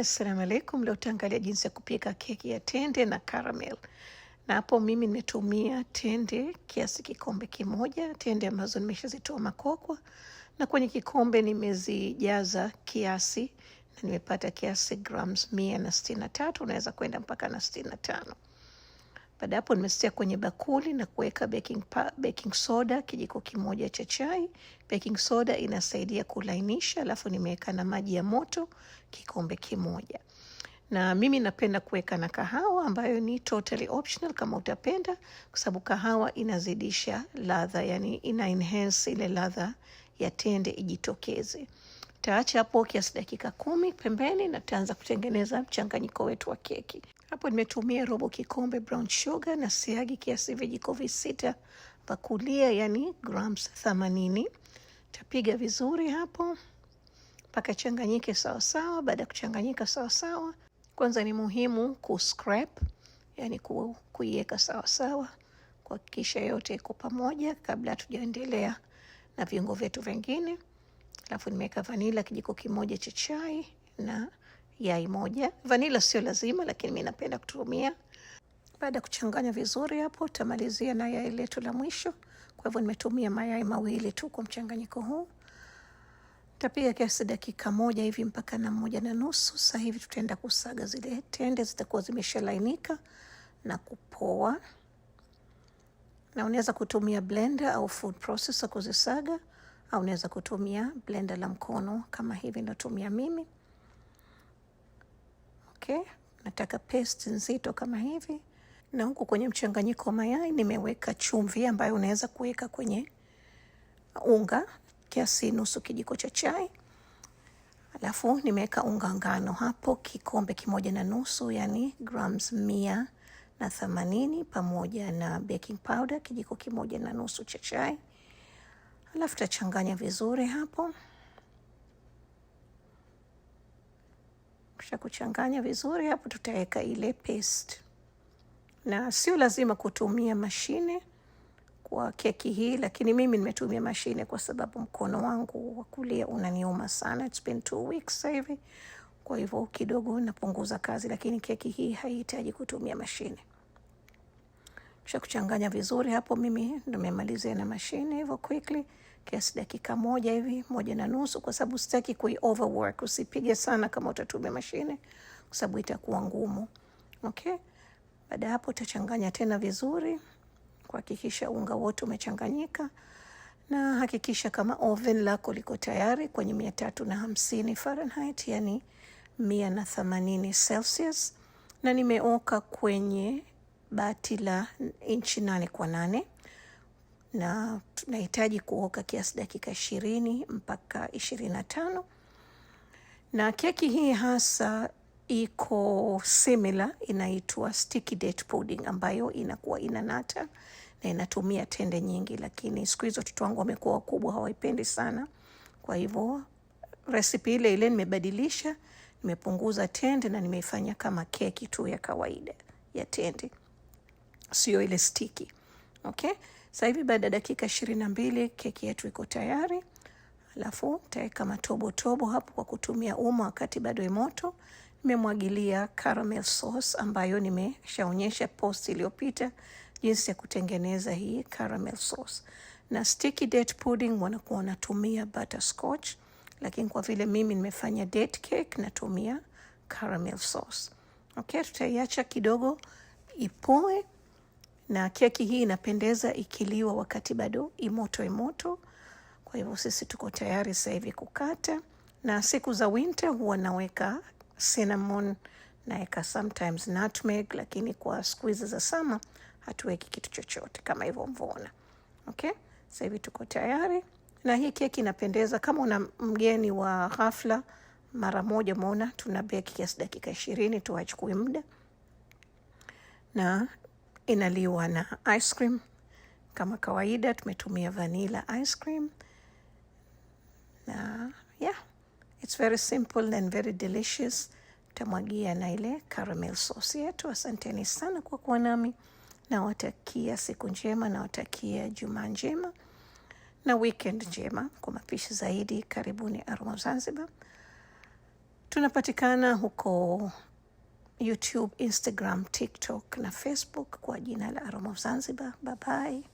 Assalamu alaikum. Leo tutaangalia jinsi ya kupika keki ya tende na caramel. Na hapo mimi nimetumia tende kiasi kikombe kimoja, tende ambazo nimeshazitoa makokwa, na kwenye kikombe nimezijaza kiasi na nimepata kiasi grams mia na sitini na tatu, unaweza kwenda mpaka na sitini na tano. Baada hapo nimesia kwenye bakuli na kuweka baking, baking soda kijiko kimoja cha chai. Baking soda inasaidia kulainisha, alafu nimeweka na maji ya moto kikombe kimoja na mimi napenda kuweka na kahawa ambayo ni totally optional kama utapenda, kwa sababu kahawa inazidisha ladha, yani ina enhance ile ladha ya tende ijitokeze. Taacha hapo kiasi dakika kumi pembeni, na tutaanza kutengeneza mchanganyiko wetu wa keki. Hapo nimetumia robo kikombe brown sugar na siagi kiasi vijiko visita, kulia, yani grams 80. Tapiga vizuri hapo mpaka changanyike sawasawa. Baada ya kuchanganyika sawasawa, kwanza ni muhimu ku scrap, yani ku, kuiweka sawasawa, kuhakikisha yote iko pamoja kabla hatujaendelea na viungo vyetu vingine. Alafu nimeweka vanila kijiko kimoja cha chai na yai moja. Vanila sio lazima, lakini mi napenda kutumia. Baada ya kuchanganya vizuri hapo, utamalizia na yai letu la mwisho. Kwa hivyo nimetumia mayai mawili tu kwa mchanganyiko huu. Tapiga kiasi dakika moja hivi mpaka na moja na nusu. Sasa hivi tutaenda kusaga zile tende, zitakuwa zimeshalainika na kupoa, na unaweza kutumia blender au food processor kuzisaga, au unaweza kutumia blender la mkono kama hivi ndotumia mimi yake nataka paste nzito kama hivi, na huku kwenye mchanganyiko wa mayai nimeweka chumvi ambayo unaweza kuweka kwenye unga kiasi nusu kijiko cha chai. Alafu nimeweka unga ngano hapo kikombe kimoja na nusu, yani grams mia na themanini, pamoja na baking powder kijiko kimoja na nusu cha chai. Alafu tachanganya vizuri hapo. Kisha kuchanganya vizuri, hapo tutaweka ile paste, na sio lazima kutumia mashine kwa keki hii, lakini mimi nimetumia mashine kwa sababu mkono wangu wa kulia unaniuma sana. It's been two weeks sasa hivi, kwa hivyo kidogo napunguza kazi, lakini keki hii haihitaji kutumia mashine. Kisha kuchanganya vizuri hapo, mimi ndo nimemalizia na mashine hivyo quickly kiasi dakika moja hivi moja na nusu, kwa sababu sitaki kui overwork. Usipige sana kama utatumia mashine, kwa sababu itakuwa ngumu. Okay, baada ya hapo utachanganya tena vizuri, kuhakikisha unga wote umechanganyika, na hakikisha kama oven lako liko tayari kwenye mia tatu na hamsini Fahrenheit, yani mia na themanini Celsius, na nimeoka kwenye bati la inchi nane kwa nane na tunahitaji kuoka kiasi dakika ishirini mpaka ishirini na tano na keki hii hasa iko similar, inaitwa sticky date pudding ambayo inakuwa inanata na inatumia tende nyingi, lakini siku hizo watoto wangu wamekuwa wakubwa, hawaipendi sana. Kwa hivyo resipi ile ile nimebadilisha, nimepunguza tende na nimeifanya kama keki tu ya kawaida ya tende, sio ile stiki. Okay. Sasa hivi baada ya dakika ishirini na mbili keki yetu iko tayari. Alafu nitaweka matobotobo hapo kwa kutumia uma wakati bado imoto. Nimemwagilia caramel sauce ambayo nimeshaonyesha post iliyopita jinsi ya kutengeneza hii caramel sauce. Na sticky date pudding wanakuwa wanatumia butterscotch, lakini kwa vile mimi nimefanya date cake natumia caramel sauce. Okay, tutaiacha kidogo ipoe na keki hii inapendeza ikiliwa wakati bado imoto imoto. Kwa hivyo sisi tuko tayari sasa hivi kukata, na siku za winter huwa naweka cinnamon, naweka sometimes nutmeg, lakini kwa siku hizi za sama hatuweki kitu chochote kama hivyo mvona. Okay, sasa hivi tuko tayari na hii keki inapendeza. Kama una mgeni wa ghafla, mara moja, umeona tuna beki kiasi dakika ishirini tu, hachukui muda na inaliwa na ice cream kama kawaida. Tumetumia vanilla ice cream na yeah, it's very simple and very delicious. Tutamwagia na ile caramel sauce yetu. Asanteni sana kwa kuwa nami, nawatakia siku njema, nawatakia jumaa njema na weekend njema. Kwa mapishi zaidi, karibuni Aroma Zanzibar. Tunapatikana huko YouTube, Instagram, TikTok na Facebook kwa jina la Aroma of Zanzibar. Bye bye.